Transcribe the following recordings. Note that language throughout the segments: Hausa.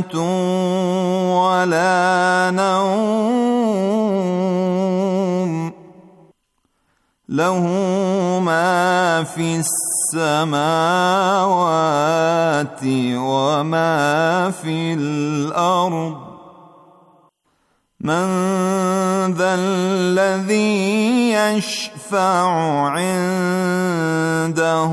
ولا نوم له ما في السماوات وما في الأرض من ذا الذي يشفع عنده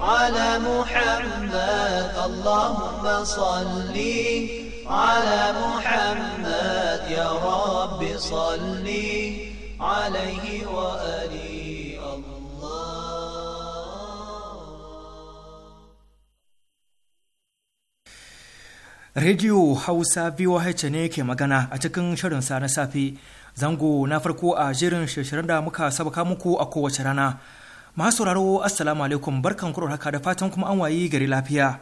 على محمد اللهم صلي على محمد يا رب صلي عليه وآله Rediyo Hausa VOH ne ke magana a cikin shirin sa na safe zango na farko a jirin shirin da muka sabaka muku a kowace rana masu sauraro assalamu alaikum barkan kuro haka da fatan kuma an wayi gari lafiya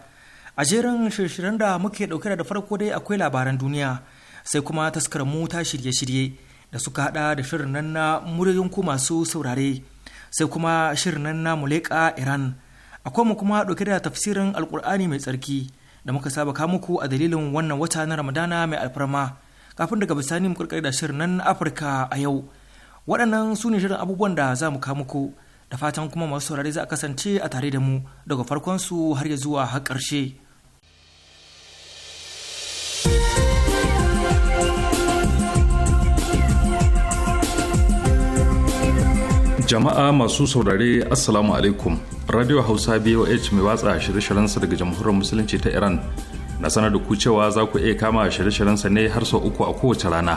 a jerin shirshiren da muke dauke da farko dai akwai labaran duniya sai kuma taskar mu ta shirye-shirye da suka hada da shirin nan na muryoyin ku masu saurare sai kuma shirin nan na muleka iran akwai mu kuma dauke da tafsirin alkur'ani mai tsarki da muka saba ka muku a dalilin wannan wata na ramadana mai alfarma kafin daga bisani mu karkar da shirin nan afirka a yau waɗannan su ne shirin abubuwan da za mu ka muku da fatan kuma masu saurari za a kasance a tare da mu daga farkon su har ya zuwa har ƙarshe. jama'a masu saurare assalamu alaikum radio hausa boh mai watsa shirye shiryen sa daga jamhuriyar musulunci ta iran na sanar da ku cewa za ku iya kama shirye shiryen sa ne har sau uku a kowace rana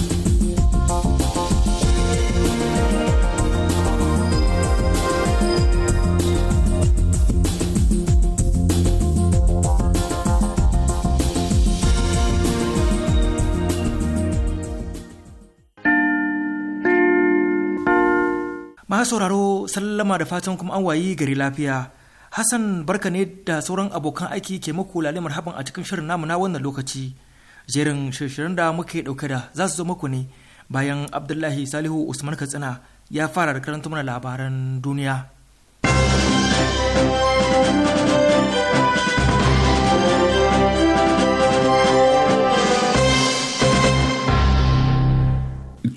masu sauraro sallama da fatan kuma an wayi gari lafiya hassan barka ne da sauran abokan aiki ke muku lale marhaban a cikin shirin namu na wannan lokaci jerin shirin da muke dauke da za su zo muku ne bayan abdullahi salihu usman katsina ya fara da karanta mana labaran duniya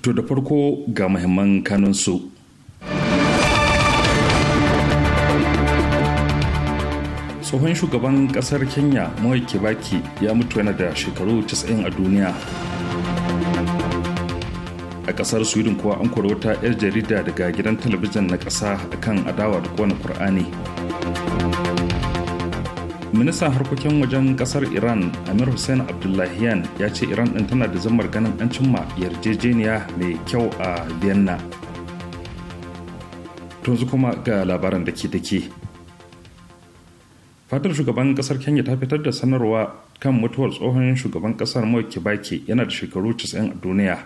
To da farko ga muhimman kanunsu tsohon shugaban kasar kenya moi kibaki ya mutu yana da shekaru 90 a duniya a kasar sweden kuwa an kori wata 'yar jarida daga gidan talabijin na kasa akan adawa da kowane kur'ani ministan harkokin wajen kasar iran amir hussein abdullahian ya ce iran din tana da zamar ganin an cimma yarjejeniya mai kyau a vienna tunzu kuma ga labaran da ke dake fadar shugaban kasar kenya ta fitar da sanarwa kan mutuwar tsohon shugaban kasar moi kibaki yana da shekaru 90 a duniya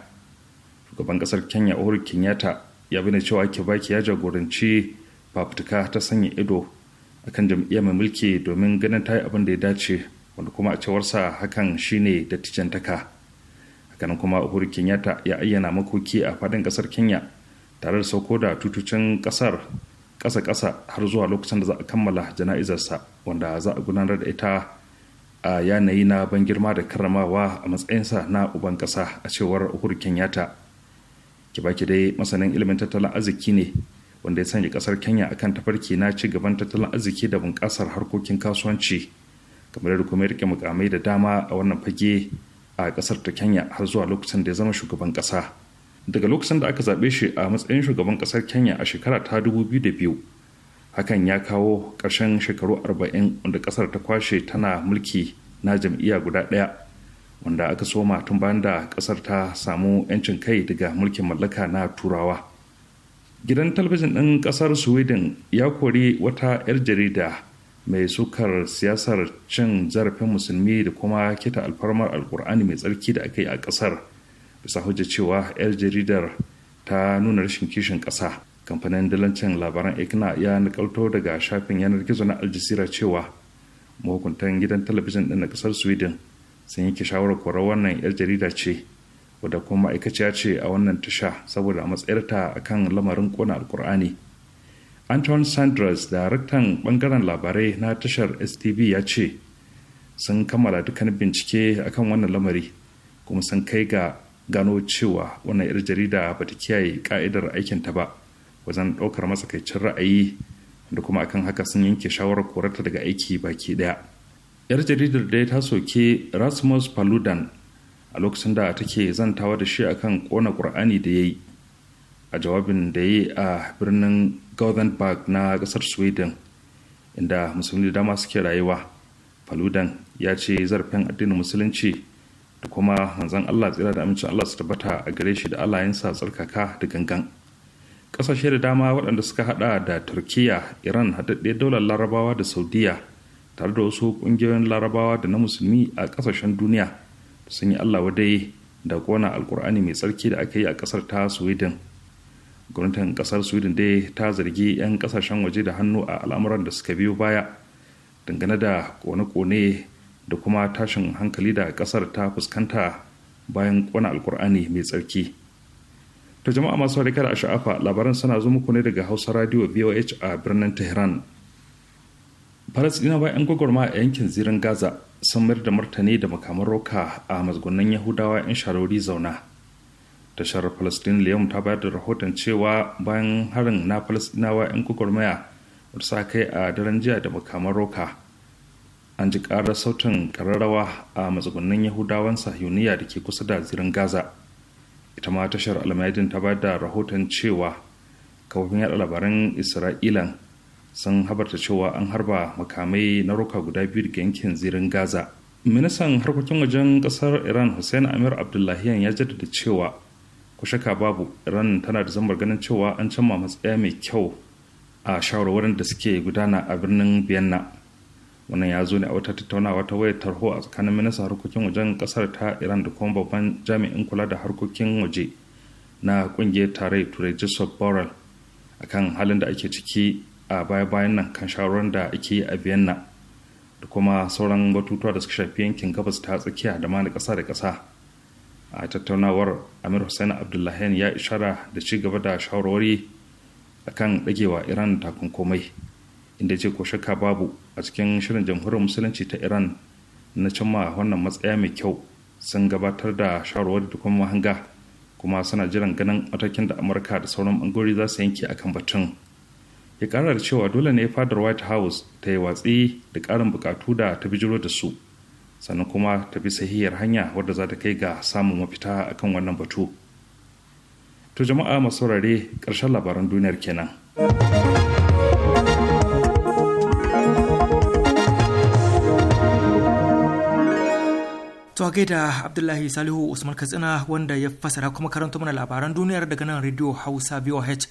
shugaban kasar kenya uhuru kenyatta ya bi cewa kibaki ya jagoranci fafutuka ta sanya ido akan jam'iyyar mai mulki domin ganin ta yi abin da ya dace wanda kuma a cewarsa hakan shine da taka hakanan kuma uhuru kenyatta ya ayyana makoki a fadin kasar kenya tare da sauko da tutucin kasar ƙasa-ƙasa har zuwa lokacin da za a kammala jana'izarsa wanda za a gudanar da ita a yanayi na ban girma da karramawa a matsayinsa na uban ƙasa a cewar uhuru kenyatta baki dai masanin ilimin tattalin arziki ne wanda ya sanya ƙasar kenya akan tafarki na ci gaban tattalin arziki da bunƙasar harkokin kasuwanci kamar yadda kuma rike mukamai da dama a wannan fage a ƙasar ta kenya har zuwa lokacin da ya zama shugaban ƙasa daga lokacin da aka zaɓe shi a matsayin shugaban ƙasar kenya a shekara ta da biyu hakan ya kawo ƙarshen shekaru arba'in wanda ƙasar ta kwashe tana mulki na jam'iyya guda ɗaya wanda aka soma tun bayan da ƙasar ta samu 'yancin kai daga mulkin mallaka na turawa gidan talabijin ɗin ƙasar sweden ya kori wata 'yar jarida mai sukar siyasar cin zarafin musulmi da kuma kita alfarmar alkur'ani mai tsarki da aka yi a ƙasar bisa hujja cewa yar jaridar ta nuna rashin kishin ƙasa kamfanin dalancin labaran ikna ya nakalto daga shafin yanar gizo na aljazeera cewa mahukuntan gidan talabijin ɗin na ƙasar sweden sun yanke shawarar korar wannan yar jarida ce wadda kuma ma'aikaciya ce a wannan tasha saboda matsayarta a kan lamarin ƙona alkur'ani anton sanders daraktan bangaren labarai na tashar stv ya ce sun kammala dukkanin bincike akan wannan lamari kuma sun kai ga gano cewa wannan yar jarida ba ta kiyaye ka'idar aikinta ba wajen ɗaukar matsakaicin ra'ayi da kuma akan haka sun yanke shawarar korarta daga aiki baki ɗaya yar jaridar da ta soke rasmus paludan a lokacin da take zantawa da shi akan kona ƙur'ani da ya yi a jawabin da ya yi a birnin gothenburg na ƙasar sweden inda musulmi da dama suke rayuwa paludan ya ce zarafin addinin musulunci da kuma manzon Allah tsira da amincin Allah su tabbata a gare shi da sa tsarkaka da gangan kasashe da dama waɗanda suka haɗa da turkiyya iran haɗaɗɗe daular larabawa da saudiya tare da wasu ƙungiyoyin larabawa da na musulmi a ƙasashen duniya sun yi allah wadai da kona alkur'ani mai tsarki da aka yi a ƙasar ta sweden gwamnatin ƙasar sweden dai ta zargi 'yan ƙasashen waje da hannu a al'amuran da suka biyo baya dangane da kone-kone da kuma tashin hankali da ƙasar ta fuskanta bayan ƙwana alkur'ani mai tsarki ta jama'a masu harika da sha'afa labaran suna zo muku ne daga hausa radio voh a birnin tehran falasɗina bayan gwagwarma a yankin zirin gaza sun mayar da martani da makaman roka a mazgunan yahudawa 'yan sharori zauna tashar falastin liyam ta bayar da rahoton cewa bayan harin na falasɗinawa 'yan gwagwarmaya da sa kai a daren jiya da makaman roka an ji karar sautin kararrawa a matsugunan yahudawan sahiyuniya da ke kusa da zirin gaza ita ma tashar almayadin ta ba da rahoton cewa kafofin yada labaran isra'ilan sun habarta cewa an harba makamai na roka guda biyu daga yankin zirin gaza ministan harkokin wajen kasar iran hussein amir abdullahiyan ya jaddada cewa kushaka babu iran tana da zambar ganin cewa an cimma matsaya mai kyau a shawarwarin da suke gudana a birnin vienna wannan ya zo ne a wata tattaunawa ta wayar tarho a tsakanin ministan harkokin wajen kasar ta iran da kuma babban jami'in kula da harkokin waje na kungiyar tarayyar turai joseph borrell kan halin da ake ciki a baya-bayan nan kan shawarar da ake yi a vienna da kuma sauran batutuwa da suka shafi yankin gabas ta tsakiya da ma na kasa da kasa a tattaunawar amir hussein abdullahian ya ishara da ci gaba da shawarwari kan dagewa iran takunkomai inda ce ko shakka babu a cikin shirin jamhuriyar musulunci ta iran na cimma wannan matsaya mai kyau sun gabatar da shawarwar da kuma mahanga kuma suna jiran ganin matakin da amurka da sauran bangarori za su yanke akan batun ya karar da cewa dole ne fadar white house ta yi watsi da karin bukatu da ta bijiro da su sannan kuma ta bi sahihiyar hanya wadda za ta kai ga samun mafita akan wannan batu to jama'a masu rare ƙarshen labaran duniyar kenan. To a gaida Abdullahi Salihu Usman Katsina wanda ya fasara kuma karanta mana labaran duniyar daga nan Radio Hausa VOH.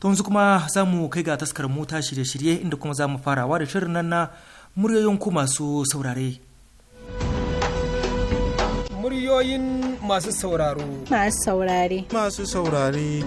To yanzu kuma za mu kai ga taskar mota shirye-shirye inda kuma za mu farawa da shirin nan na muryoyin ku masu saurare. Muryoyin masu sauraro. Masu saurare. Masu saurare.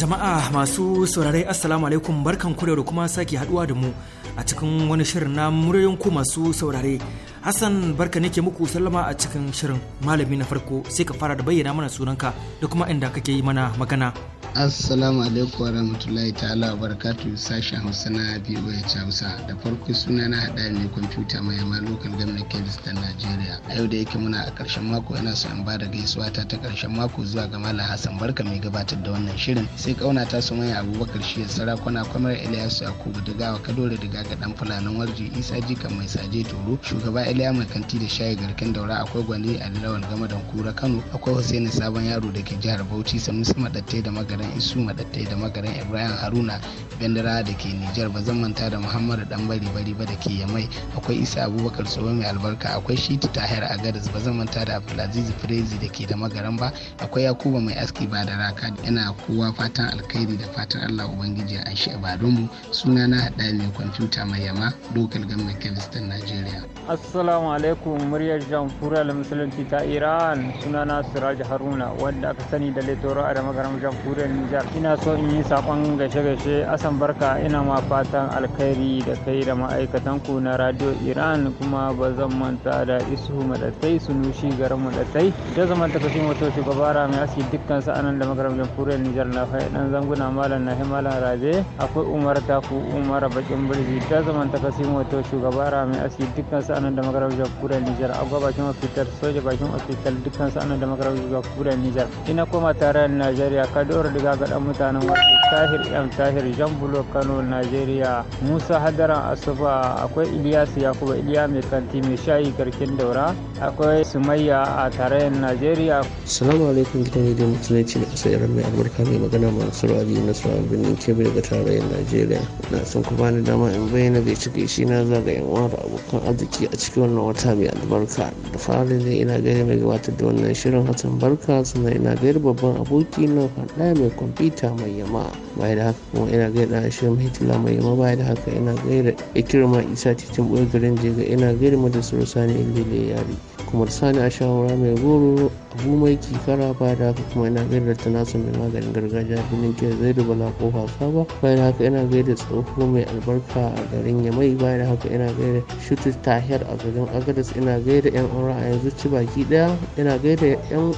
Jama'a masu saurare Assalamu alaikum barkan kure da kuma sake haduwa da mu. a cikin wani shirin na muryoyin ku masu saurare hassan barka ne ke muku sallama a cikin shirin malami na farko sai ka fara da bayyana mana sunanka da kuma inda kake yi mana magana assalamu alaikum rahmatullahi ta'ala barakatu sashen hausa na voa hausa da farko suna na hada ne kwamfuta mai yamma lokal gamna kebis ta najeriya a yau da yake muna a ƙarshen mako yana so in bada gaisuwa ta ta ƙarshen mako zuwa ga malam hassan barka mai gabatar da wannan shirin sai kauna ta su mai abubakar shi sarakuna kwamar ilyasu yakubu digawa kadore diga ga dan fulanin warji isa jika mai saje toro shugaba iliya mai kanti da shayi garkin daura akwai gwani a lawan gama kura kano akwai husaini sabon yaro da ke jihar bauchi sanusi madattai da magarin magaran isu madattai da magaran ibrahim haruna bendera da ke nijar ba manta da muhammadu dan bari bari ba da ke yamai akwai isa abubakar tsohon mai albarka akwai shiti tahir agaris ba zan manta da abdulaziz firezi da ke da magaran ba akwai yakuba mai aski ba da raka yana kowa fatan alkhairi da fatan allah ubangiji a shi mu suna na hada ne kwamfuta mai yama dokar gamar kevistan najeriya assalamu alaikum muryar da musulunci ta iran suna na siraj haruna wanda aka sani da letoro a da magaran jamhuriyar jamhuriyar Nijar. Ina so in yi saƙon gaishe-gaishe asan barka ina ma fatan alkhairi da kai da ma'aikatan ku na radio Iran kuma ba zan manta da isu madatai sunushi garin madatai. Da zaman ta kashin wato shugaba mai Aski dukkan sa'anan da magaram jamhuriyar Nijar na faɗi dan zanguna malam na himalan raje akwai Umar ku Umar Bakin Birji da zaman ta kashin wato shugaba mai Aski dukkan sa'anan da magaram jamhuriyar Nijar agwa bakin ofitar soja bakin ofitar dukkan sa'anan da magaram jamhuriyar Nijar. Ina koma tare da Najeriya Kadoro rigakaɗan mutanen wasu tahir m tahir jan bulo kano nigeria musa hadaran asuba akwai ilyas yakuba iliya mai kanti mai shayi garkin daura akwai sumayya a tarayyar nigeria salamu alaikum gidan rediyo musulunci da kasar iran mai amurka mai magana ma su rabi na ne ke kebe daga tarayyar nigeria na sun kuma ni dama in bayyana cika shi na zaga yan uwa da abokan arziki a cikin wannan wata mai albarka da fari ne ina gani mai gabatar da wannan shirin hassan barka sannan ina gayar babban aboki na faɗa mai kwamfuta mai yama baya da haka kuma ina gaida ashirin hitila mai yamma baya da haka ina gaida ikirma isa titin boy garin jega ina gaida mata sani ilile yari kuma sani a shawara mai goro gumai kikara baya da haka kuma ina gaida ta nasu mai maganin gargajiya binin ke zai da bala kofa saba baya da haka ina gaida tsoho mai albarka a garin yamai baya da haka ina gaida shutu tahir a garin agadas ina gaida yan aura a yanzu ci baki daya ina gaida yan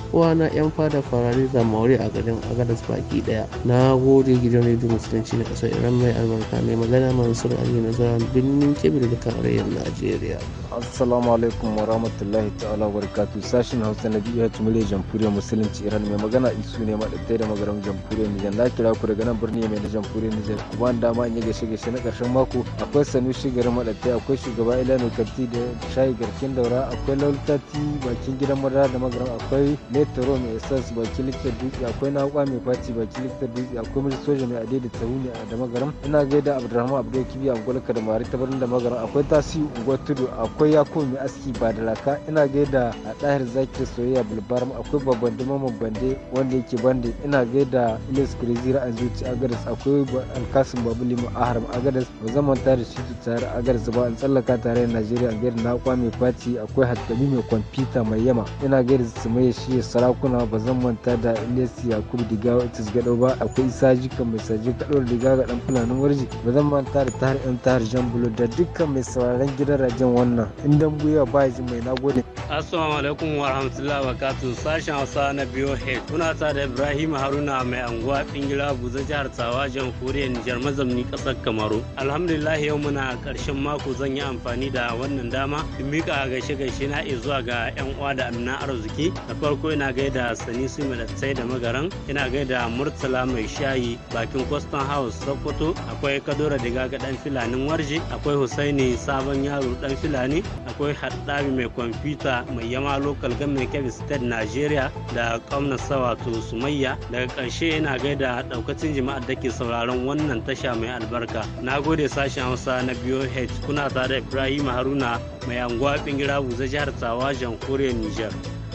yan fada farare zamauri a garin agadas baki daya na gode gidan rediyo musulunci na kasar iran mai albarka mai magana mansur ali nazara birnin kebir da tarayyar najeriya assalamu alaikum wa rahmatullahi ta'ala wa barakatuh sashen hausa na biyu jamhuriyar jamhuriyar musulunci iran mai magana isu ne maɗaɗai da magaram jamhuriyar nijar na kira ku daga nan birni mai na jamhuriyar nijar kuma an dama an yi gaishe gaishe na ƙarshen mako akwai sanusi garin maɗaɗai akwai shugaba ilanu kanti da shayi garkin daura akwai lautati bakin gidan madara da magaram akwai metro mai essence bakin likitar dutse akwai nakwa mai fati bakin likitar dutse akwai mai soja mai ade da tahuni a da magaram ina gaida abdurrahman abdul a angolka da mari birnin da magaram akwai tasi unguwar tudu akwai yako mai aski ba da raka ina gaida a ɗahir zakir soyayya bulbul barma akwai babban mabande wanda yake bande ina gaida ilis crazy a zuci agadas akwai alkasim babuli ma'aharam agadas ba zaman da shi tare agadas ba an tsallaka tare najeriya an gari na kwame fati akwai hattami mai kwamfuta mai yama ina gaida su mai shi sarakuna ba zan manta da ilis yakubu digawa itis gado ba akwai isa jika mai saji kaɗuwar diga ga ɗan fulanin warji ba zan manta da tahar ɗan tahar jan bulo da dukkan mai sauraron gidan rajin wannan in dan buya ba mai nagode assalamu alaikum wa rahmatullahi wa barakatu sashen hausa na biyo kuna ta da ibrahim haruna mai anguwa bingila buza jihar tsawa jamhuriyar nijar mazamni kasar kamaru alhamdulillah yau muna karshen mako zan yi amfani da wannan dama in mika gaishe gaishe na zuwa ga yan uwa da amina arziki Na farko ina gaida sani su mai da magaran ina gaida murtala mai shayi bakin kwastan house sokoto akwai kadora diga ga dan filanin warje akwai husaini sabon yaro dan filani akwai haddabi mai kwamfuta mai yama local government kebbi state najeriya da ƙwamnasa wato sumayya daga ƙarshe ina gaida ɗaukacin jama'ar da ke sauraron wannan tasha mai albarka na gode sashen hausa na biyo kuna tare da ibrahim haruna mai anguwa bingira buza jihar tsawa jamhuriyar niger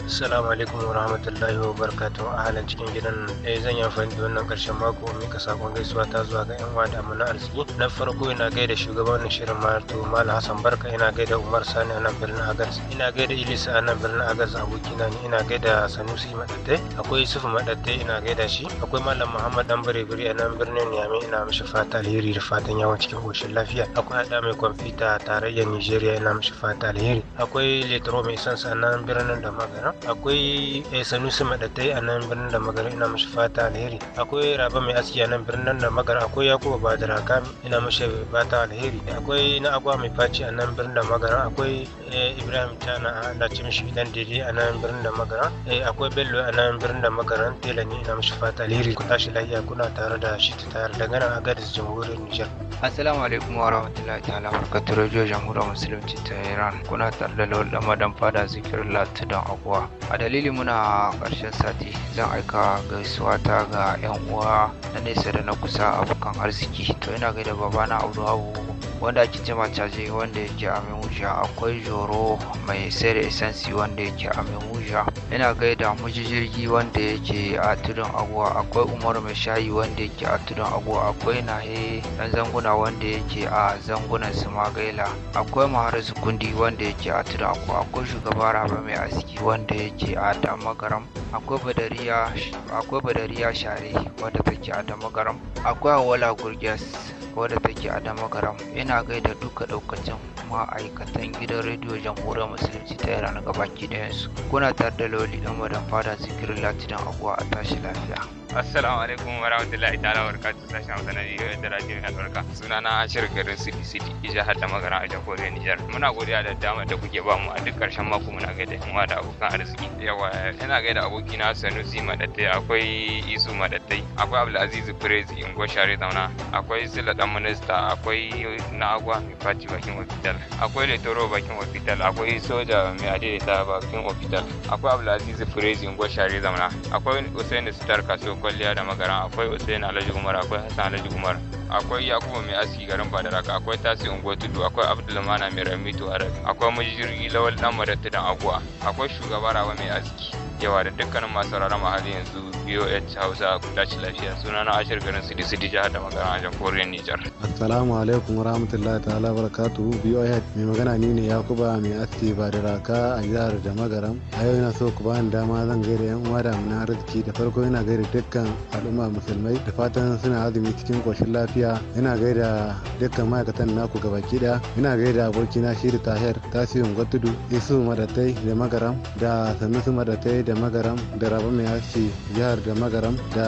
Assalamu alaikum wa rahmatullahi wa barakatuhu a halin cikin gidan eh zan yi amfani da wannan karshen mako mika sakon gaisuwa ta zuwa ga yan uwa da amana arziki na farko ina gaida shugaban shirin Marto Mal Hassan Barka ina gaida Umar Sani a nan birnin Agats. ina gaida Ilis a nan birnin Agas abokina ne ina gaida Sanusi Madatte akwai Yusuf Madatte ina gaida shi akwai Malam Muhammad Dan Birebiri a nan birnin Niamey ina mishi fata alheri da fatan yawon cikin koshin lafiya akwai Ada mai kwamfuta tarayyar nijeriya ina mishi fata alheri akwai Letro mai a nan birnin da akwai eh, sanusi madatai a nan birnin da magana ina mashi fata alheri akwai raba mai aski a nan birnin da magana akwai yakubu badara kam ina mashi fata alheri akwai na agwa mai faci a nan birnin da magana akwai eh, ibrahim tana a da ce mishi idan daidai a nan birnin da magana eh, akwai bello a nan birnin da magana tela ne ina mashi fata alheri ku tashi lafiya kuna tare da shi tare da ganin agadis jamhuriyar nijar assalamu alaikum wa rahmatullahi ta'ala barkatu radio jamhuriyar musulunci ta iran kuna tare da lawal da madan fada zikirin lati don agwa a dalili muna ƙarshen sati zan aika gaisuwa ta ga 'yan uwa na nesa da na kusa abokan arziki to ina gaida babana abdullahi wanda ake cema caji wanda yake a memuja akwai joro mai sai da isansi wanda yake a memuja ina gaida muji jirgi wanda yake a tudun agwa. akwai umaru mai shayi wanda yake a tudun agwa. akwai nahe dan zanguna wanda yake a zangunan sumagaila akwai mahara zukundi wanda yake a tudun agwa. akwai shugaba raba mai aski wanda yake a damagaram akwai badariya akwai badariya share wanda take a damagaram akwai awala gurgis da take a damagaram yana gaida duka daukacin ma'aikatan gidan rediyo jamhuriyar musulunci ta iran gabaki dayansu kuna tare da loli dan fada zikirin latinan abuwa a tashi lafiya Assalamu alaikum wa rahmatullahi ta'ala wa barakatuh sashen Hausa na biyu da radio albarka. Suna na Ashir garin City City jihar da magana a jamhuriyar Nijar. Muna godiya da dama da kuke ba mu a duk karshen mako muna gaida yan da abokan arziki. Yawa ina gaida abokina Sanusi Madattai akwai Isu Madattai akwai Abdulaziz Firezi Ingo Share Zauna akwai Sila Dan Minista akwai Na'agwa Mai Fati Bakin Hospital akwai Letoro Bakin Hospital akwai Soja Mai Adaidaita Bakin Hospital akwai Abdulaziz Firezi Ingo Share Zauna akwai Usaini Sitar Kaso kwalliya da magaran akwai usain alhaji umar akwai hassan alhaji umar akwai yakubu mai aski garin badaraka akwai tasi ungo tudu akwai abdulmana mai ramito akwai majirgi lawal dan madatta dan aguwa akwai shugaba rawa mai aski yawa da dukkanin masu sauraron mahali yanzu BOH Hausa ku dace lafiya suna na ashir garin Sidi Sidi jihar da magana a jamhuriyar Nijar. Assalamu alaikum warahmatullahi ta'ala barakatu BOH mai magana ni ne Yakuba mai aski ba da raka a jihar da magaram. A yau yana so ku ba ni dama zan gaida yan uwa da amina arziki da farko ina gaida dukkan al'umma musulmai da fatan suna azumi cikin koshin lafiya yana gaida dukkan ma'aikatan naku gabaki daya ina gaida abokina shi da tahir tasirin gwatudu isu madatai da magaram da su madatai da magaram da rabu mai haske jihar da magaram da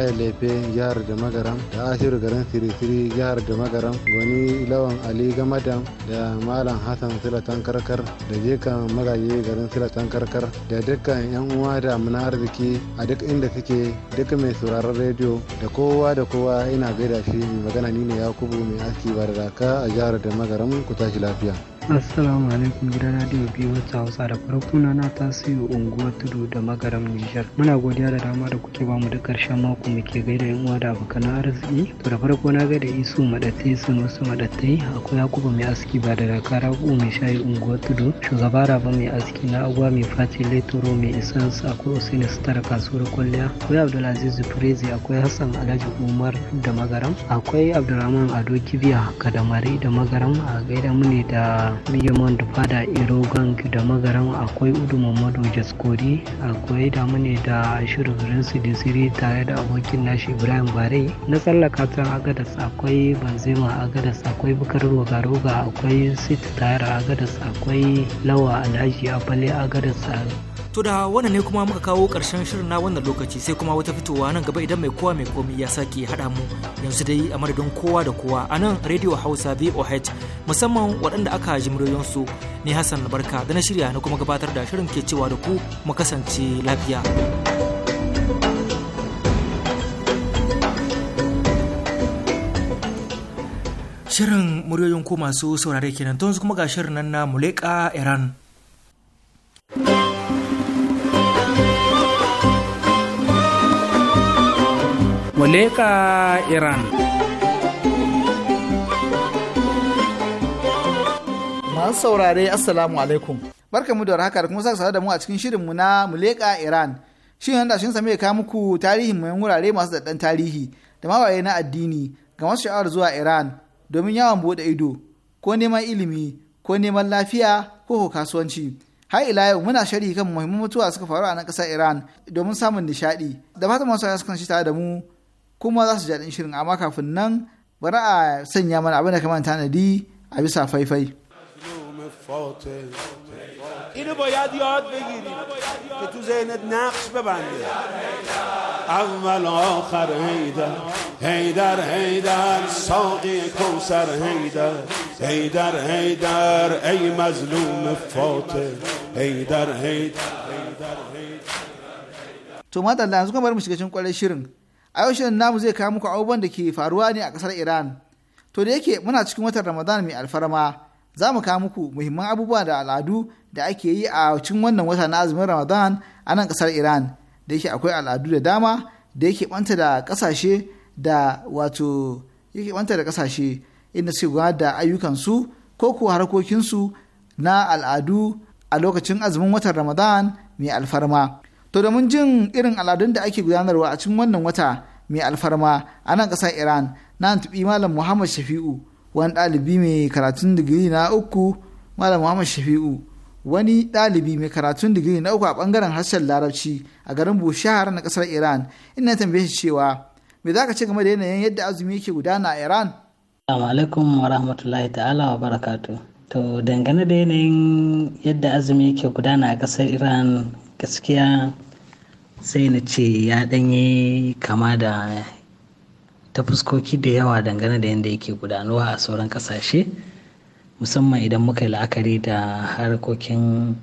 ya lefe jihar da magaram da ashiru garin siri siri jihar da magaram gwani lawan ali gamadan da malam hassan silatan karkar da jekan magaje garin silatan karkar da dukkan yan uwa da muna arziki a duk inda suke duk mai sauraron rediyo da kowa da kowa ina gaida shi magana ni ne yakubu mai aski ba da raka a jihar da magaram ku tashi lafiya. assalamu alaikum gidan radio biyu wata hausa da farko na na tasiri unguwar tudu da magaram nijar muna godiya da dama da kuke bamu da karshen mako muke gaida yan uwa da abokan arziki to da farko na gaida isu madatte su musu madatte akwai yakubu mai aski ba da dakara ko mai shayi unguwar tudu shugaba raba mai aski na agwa mai fati letoro mai isans akwai usaini sitar kasuwar kwalliya akwai abdulaziz firezi akwai hassan alhaji umar da magaram akwai abdulrahman ado kibiya kadamari da magaram a gaida mu ne da migeman da fada irogan da magaran akwai udu mamadu jaskori akwai da ne da shirin siri tare da abokin nashi ibrahim bare na tsallaka ta agadas akwai banzema agadas akwai bukar roga akwai sit tayar agadas akwai lawa alhaji abale agadas To da wannan ne kuma muka kawo karshen shirin na wannan lokaci sai kuma wata fitowa nan gaba idan mai kowa mai komi ya sake haɗa mu yanzu dai a madadin kowa da kowa a nan Radio Hausa VOH musamman waɗanda aka ji muryoyinsu ne Hassan Barka da na shirya na kuma gabatar da shirin ke cewa da ku mu kasance lafiya. Shirin muryoyin ko masu saurare kenan su kuma ga shirin nan na Muleka Iran. Moleka Iran. Masu saurare Assalamu alaikum. mu da haka da kuma saka da mu a cikin shirinmu na Muleka Iran. Shin yanda shin same ka muku tarihin mai wurare masu daɗan tarihi da mawaye na addini ga masu sha'awar zuwa Iran domin yawon buɗe ido ko neman ilimi ko neman lafiya ko kasuwanci. har ila yau muna shari kan muhimman mutuwa suka faru a nan ƙasar Iran domin samun nishaɗi da fatan masu sukan shi tare da mu kuma za su ji daɗin shirin amma kafin nan bari a sanya mana abin da kama tanadi a bisa faifai. اینو باید یاد بگیری که تو ذهنت نقش ببنده اول آخر هیدر هیدر هیدر ساقی کوسر هیدر هیدر هیدر ای مظلوم فاتح هیدر هیدر a yau shirin namu zai kawo muku abubuwan da ke faruwa ne a kasar iran to da yake muna cikin watan ramadan mai alfarma za mu kawo muku muhimman abubuwa da al'adu da ake yi a cikin wannan wata na azumin ramadan a nan kasar iran da yake akwai al'adu da dama da yake banta da kasashe da wato yake banta da kasashe inda suke gudanar da ayyukansu ko kuwa harkokinsu na al'adu a lokacin azumin watan ramadan mai alfarma To da mun jin irin al'adun da ake gudanarwa a cikin wannan wata mai alfarma a nan ƙasar Iran na tuɓi Malam Muhammad Shafi'u wani ɗalibi mai karatun digiri na uku Malam Muhammad Shafi'u wani ɗalibi mai karatun digiri na uku a ɓangaren harshen Larabci a garin Bushahar na ƙasar Iran ina tambaye shi cewa me za ka ce game da yanayin yadda azumi yake gudana a Iran? Assalamu alaikum wa rahmatullahi ta'ala wa barakatuh. To dangane da yanayin yadda azumi yake gudana a kasar Iran gaskiya sai na ce ya ɗanye kama da ta fuskoki da yawa dangane da yadda yake gudanuwa a sauran ƙasashe musamman idan muka yi la'akari da harkokin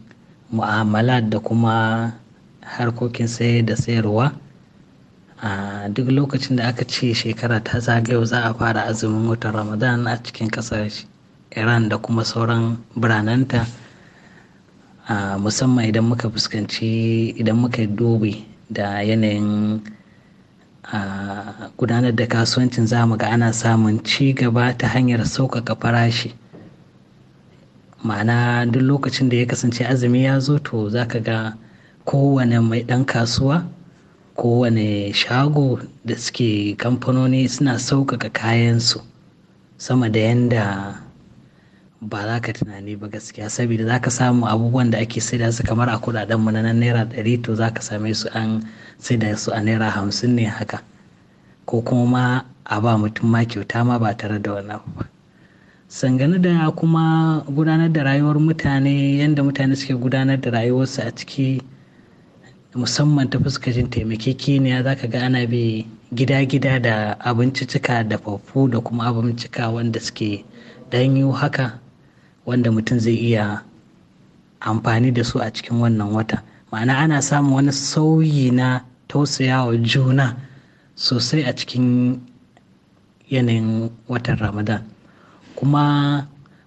mu'amala da kuma harkokin sayar da sayarwa a duk lokacin da aka ce shekara ta zagayo za a fara azumin watan ramadan a cikin ƙasar iran da kuma sauran biranenta. A musamman idan muka fuskanci idan muka dobe da yanayin gudanar da kasuwancin zamu ga ana samun ci gaba ta hanyar sauƙaƙa farashi ma'ana duk lokacin da ya kasance azumi ya zo to za ka ga kowane mai ɗan kasuwa kowane shago da suke kamfanoni suna sauƙaƙa kayansu sama da yadda ba za ka tunani ba gaskiya saboda za ka samu abubuwan da ake saida su kamar a kudaden mu na naira ɗari to za ka same su an saida su a naira hamsin ne haka ko kuma ma a ba mutum ma kyauta ma ba tare da wannan ba sangane da kuma gudanar da rayuwar mutane yadda mutane suke gudanar da rayuwarsu a ciki musamman ta fuskacin taimakekeniya za ka ga ana bi gida-gida da abincicika da fafu da kuma abincika wanda suke danyu haka wanda mutum zai iya amfani da su a cikin wannan wata ma'ana ana samun wani sauyi na tausayawa juna sosai a cikin yanayin watan ramadan kuma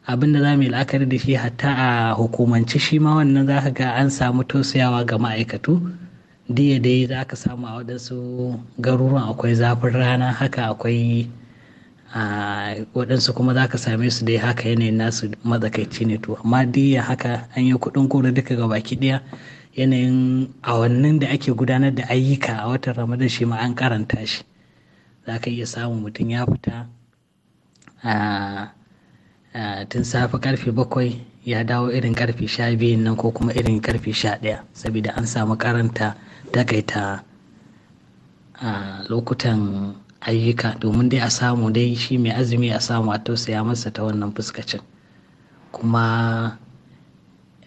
abin da za mu yi la'akari da shi hatta a hukumance shi ma wannan za ka ga an samu tausayawa ga ma'aikatu Daya dai za ka samu a waɗansu garuruwan akwai zafin rana haka akwai a waɗansu kuma za ka same su dai haka yanayin nasu matsakaici ne to amma diya haka an yi kuɗin kura duka ga baki ɗaya yanayin awannin da ake gudanar da ayyuka a watan ramadan shi ma an karanta shi za ka iya samun mutum ya fita tun safe karfe bakwai ya dawo irin karfe sha biyun nan ko kuma irin karfe sha ɗaya saboda an samu karanta takaita lokutan ayyuka domin dai a samu dai shi mai azumi a samu a tausaya masa ta wannan fuskacin kuma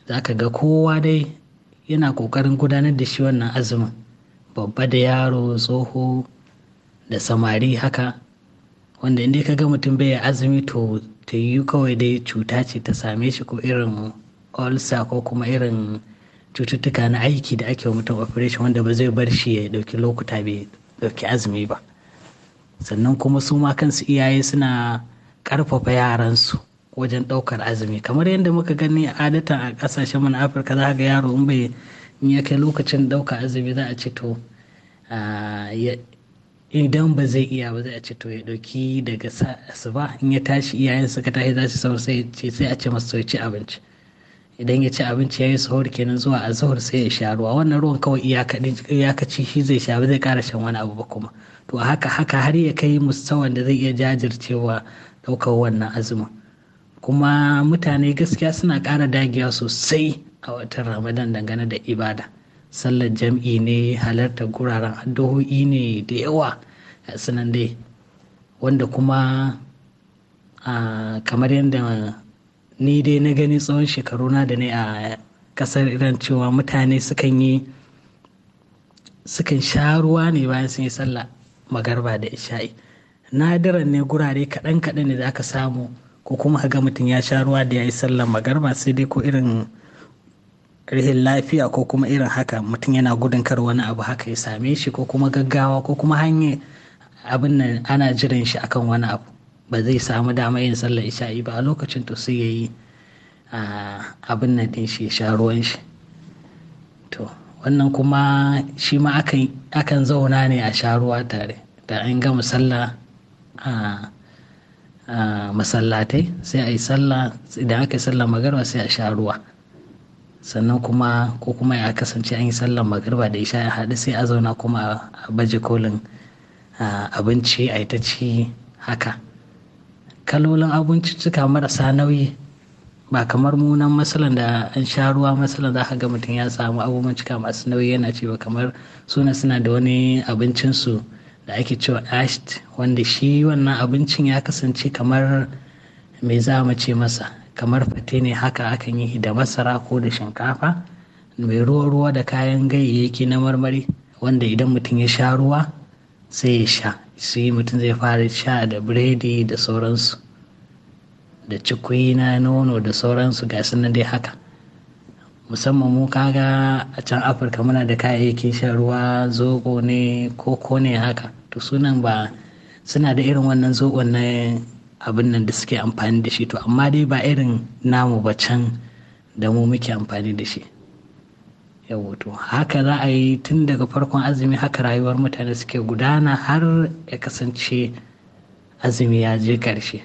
za ka ga kowa dai yana kokarin gudanar da shi wannan azumin babba da yaro tsoho da samari haka wanda inda ka ga mutum bai azumi to ta yi kawai dai cuta ce ta same shi ko irin ulcer ko kuma irin cututtuka na aiki da ake wa mutum operation wanda ba zai bar shi ya dauki lokuta bai dauki azumi ba sannan kuma su ma kansu iyaye suna ƙarfafa yaransu wajen ɗaukar azumi kamar yadda muka gani adatan a ƙasashen mu na afirka za ga yaro in bai ya kai lokacin ɗaukar azumi za a ce to idan ba zai iya ba zai a ce to ya ɗauki daga su ba? in ya tashi iyayen suka tashi za su sauri sai ce sai a ce masa ya ci abinci idan ya ci abinci ya yi sahur kenan zuwa a zuhur sai ya sha ruwa wannan ruwan kawai iyakaci shi zai sha ba zai ƙara shan wani abu ba kuma to haka haka har ya kai mustawan da zai iya jajircewa ɗaukar wannan azumin kuma mutane gaskiya suna ƙara dagiya sosai a watan ramadan dangane da ibada sallar jam'i ne halartar guraren addu'o'i ne da yawa sunan dai wanda kuma kamar yadda ni dai na gani tsawon shekaruna da ne a kasar iran cewa mutane sukan yi sukan sha ruwa ne bayan sun yi sallah magarba da isha'i nadiran ne gurare kaɗan kaɗan ne da aka samu ko kuma ga mutum ya sha ruwa da ya yi sallar magarba sai dai ko irin rihin lafiya ko kuma irin haka mutum yana gudun kar wani abu haka ya same shi ko kuma gaggawa ko kuma hanyar abin nan ana jiran shi akan wani abu ba zai samu dama yin sallar isha'i ba a lokacin to sai ya yi abin nan ɗin shi ya sha ruwan shi to wannan kuma shi ma akan zauna ne a sha ruwa tare da an gama sallah a masallatai sai a yi sallah idan aka yi sallah magarba sai a sha ruwa sannan kuma ko kuma ya kasance an yi sallah magarba da isha ya haɗu sai a zauna kuma a baje kolin abinci a ta ci haka kalolin cika marasa nauyi ba kamar munan matsalan da an sha ruwa matsalan za ka ga mutum ya samu abubuwan cika masu nauyi yana ce ba kamar suna suna da wani abincinsu da ake cewa ashed wanda shi wannan abincin ya kasance kamar mai za mu ce masa kamar fate ne haka akan yi da masara ko da shinkafa mai ruwa-ruwa da kayan gayyayyaki na marmari wanda idan mutum ya sha ruwa sai ya sha sai mutum zai fara sha da biredi da sauransu da cikuyi na nono da sauransu ga nan dai haka musamman mu kaga a can afirka muna da kayayyakin shan ruwa zobo ne koko ne haka to sunan ba suna da irin wannan zobo na abin nan da suke amfani da shi to amma dai ba irin namu ba can da mu muke amfani da shi yau to haka za a yi tun daga farkon azumi haka rayuwar mutane suke gudana har ya kasance azumi ya je ƙarshe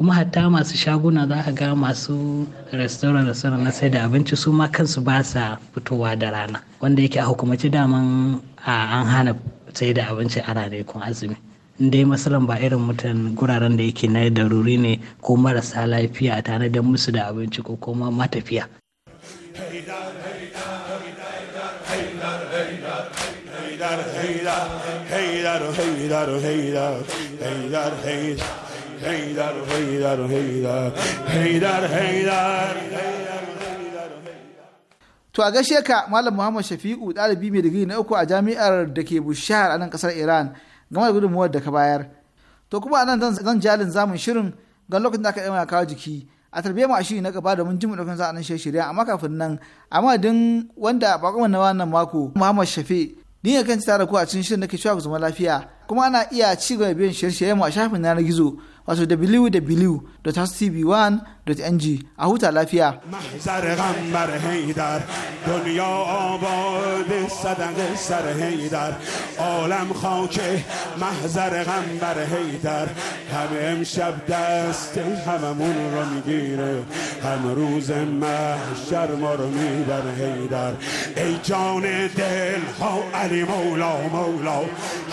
kuma hatta masu shaguna za a ga masu restaurant sauran na sai da abinci su ma kansu ba sa fitowa da rana wanda yake a hukumace daman an hana sai da abinci a kun azumi dai masalan ba irin mutan guraren da yake na daruri ne ko marasa lafiya a tare da musu da abinci ko kuma matafiya Hey, Heydar, Heydar, Heydar, Heydar, To a gashe ka Malam Muhammad Shafi'u ɗalibi mai digiri na uku a jami'ar da ke Bushahar a nan ƙasar Iran game da gudunmuwar da ka bayar. To kuma a nan zan jalin zamun shirin ga lokacin da aka yi kawo jiki a tarbiyyar mu a na gaba domin jin ɗaukan za a nan shirya amma kafin nan a madadin wanda ba kuma na wannan mako Muhammad Shafi ni ne kanci tare ku a cikin shirin da ke cewa ku zama lafiya kuma ana iya ci gaba biyan shirye-shiryen mu a shafin yanar gizo wato www.tv1.ng a huta lafiya. محضر غمبر هیدر دنیا آباد صدق سر هیدر عالم خاکه محضر غمبر هیدر همه امشب دست هممون رو میگیره هم روز محشر ما رو میبر هیدر ای جان دل ها علی مولا مولا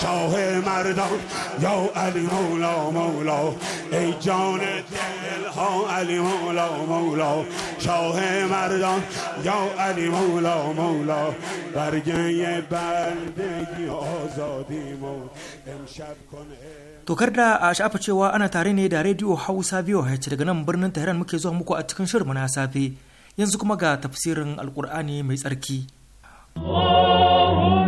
شاه مردان یا علی مولا مولا ای جان دل ها علی مولا مولا شاه مردان یا علی مولا مولا برگه بندگی آزادی مو امشب کنه Tokar da a sha'afa cewa ana tare ne da Radio Hausa VOH daga nan birnin Tehran muke zuwa muku a cikin shirin na safe yanzu kuma ga tafsirin Alkur'ani mai tsarki. Allahumma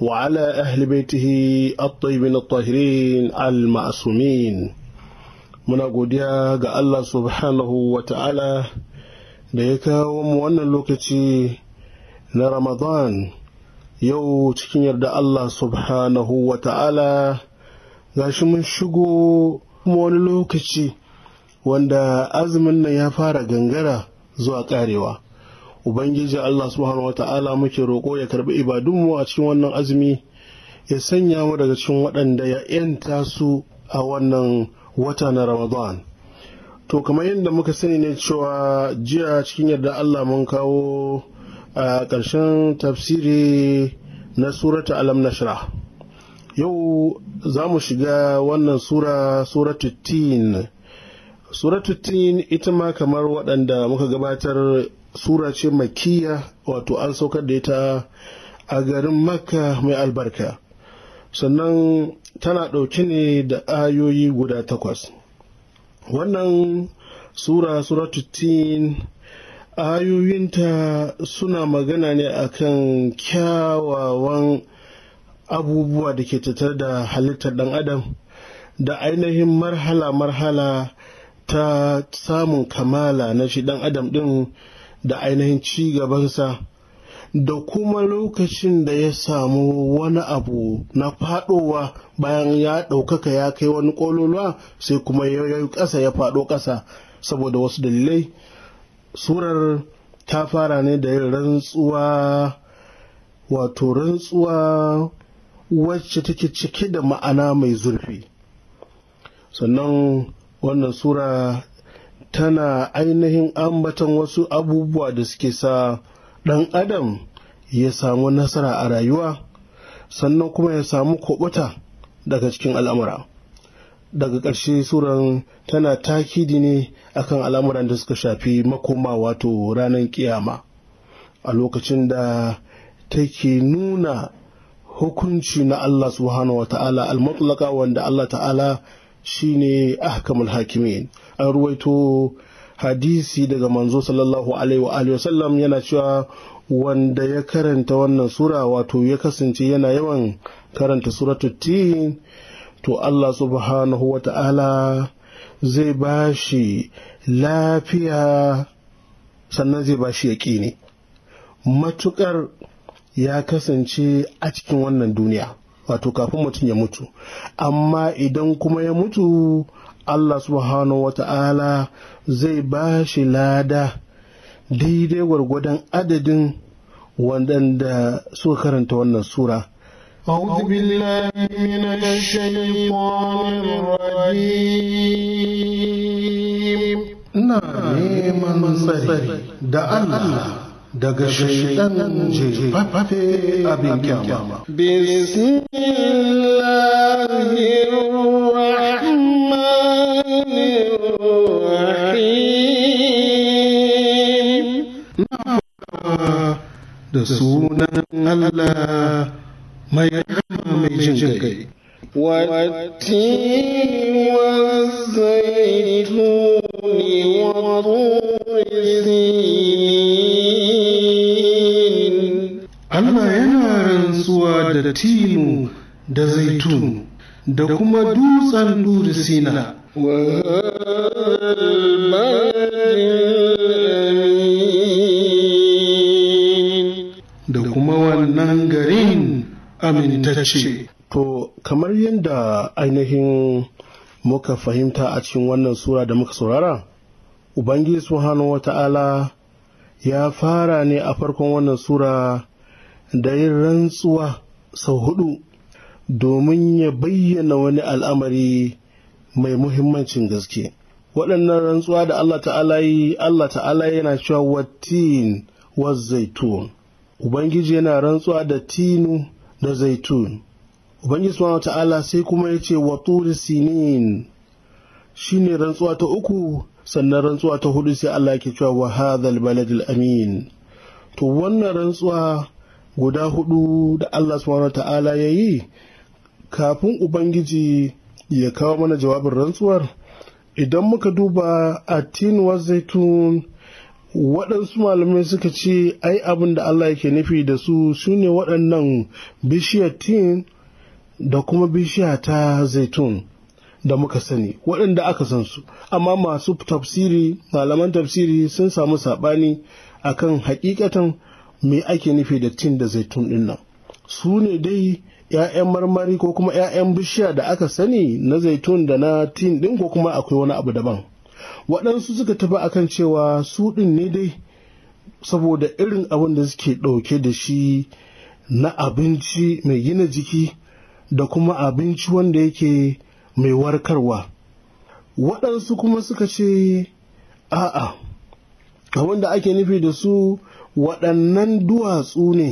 وعلى أهل بيته الطيبين الطاهرين المعصومين muna godiya ga Allah subhanahu wa ta'ala da ya kawo mu wannan lokaci na Ramadan yau cikin yarda Allah subhanahu wa ta'ala shi mun shigo kuma wani lokaci wanda azumin nan ya fara gangara zuwa ƙarewa. ubangiji Allah subhanahu ta'ala muke roƙo ya karbi ibadunmu a cikin wannan azumi ya sanya mu daga cikin waɗanda ya yanta su a wannan wata na Ramadan to kamar yadda muka sani ne cewa jiya cikin yadda Allah mun kawo a ƙarshen tafsiri na surata alam nashra yau za mu shiga wannan sura suratu suratu tin ita ma kamar waɗanda muka gabatar sura ce makiya wato an saukar da ita a garin makka mai albarka sannan tana ɗauke ne da ayoyi guda takwas wannan sura sura tutin ayoyinta suna magana ne akan kyawawan abubuwa da ke tattare da halittar ɗan adam da ainihin marhala-marhala ta samun kamala na shi ɗan adam ɗin da ainihin ci gabansa da kuma lokacin da ya samu wani abu na fadowa bayan ya ɗaukaka ya kai wani ƙololuwa sai kuma ya ƙasa ya faɗo ƙasa saboda wasu dalilai surar ta fara ne da yin rantsuwa wato rantsuwa wacce take cike da ma'ana mai zurfi sannan wannan sura tana ainihin ambatan wasu abubuwa da suke sa ɗan adam ya samu nasara a rayuwa sannan kuma ya samu kubuta daga cikin al'amura daga ƙarshe suran tana takidi ne akan al'amuran da suka shafi makoma wato ranar kiyama a lokacin da take nuna hukunci na Allah subhanahu wa ta'ala al wanda Allah ta'ala shine ahkamul hakimin an ruwaito hadisi daga manzo sallallahu alaihi wa alihi sallam yana cewa wanda ya karanta wannan sura wato ya kasance yana yawan karanta suratul tin to Allah subhanahu wa ta'ala zai ba shi lafiya sannan zai ba shi ne. matuƙar ya kasance a cikin wannan duniya wato kafin mutum ya mutu amma idan kuma ya mutu Allah subhanahu wa ta'ala zai ba shi lada daidai gwargwadon adadin waɗanda suka karanta wannan sura. أعوذ بالله من الشيطان الرجيم. نعم من صري da Allah. daga shaidan jefaffe abin kyama. da sunan Allah mai rahama mai jin kai. والتين والزيتون وطور سينين Allah yana rantsuwa da tinu da zaitun da kuma dutsen duri sina. Da kuma wannan garin amintacce. To, kamar yadda ainihin muka fahimta a cikin wannan sura da muka saurara, Ubangiji Subhanahu wa ta'ala ya fara ne a farkon wannan sura da yin rantsuwa sau hudu domin ya bayyana wani al'amari mai muhimmancin gaske waɗannan rantsuwa da Allah ta'ala yi Allah ta'ala yana cewa Watin wa zaitun ubangiji yana rantsuwa da tinu da zaitun ubangiji wa ta'ala sai kuma ya ce wa sinin Shi ne rantsuwa ta uku sannan rantsuwa ta hudu sai Allah ke cewa wa hadhal baladil amin to wannan rantsuwa guda hudu da Allah subhanahu ta'ala ya yi kafin Ubangiji ya kawo mana jawabin rantsuwar idan muka duba a tinuwar zaitun waɗansu malamai suka ce ai abin da Allah yake nufi da su su ne waɗannan bishiyar tin da kuma bishiya ta zaitun da muka sani waɗanda aka san su amma masu tafsiri malaman tafsiri sun samu saɓani akan hakikatan me ake nufi da tin da zaitun din nan su ne dai 'ya'yan marmari ko kuma 'ya'yan bishiya da aka sani na zaitun da na tin din ko kuma akwai wani abu daban waɗansu suka tafi akan cewa su ɗin ne dai saboda irin abin da suke ɗauke da shi na abinci mai gina jiki da kuma abinci wanda yake mai warkarwa waɗansu kuma suka ce a'a abin da ake nufi da su waɗannan duwatsu ne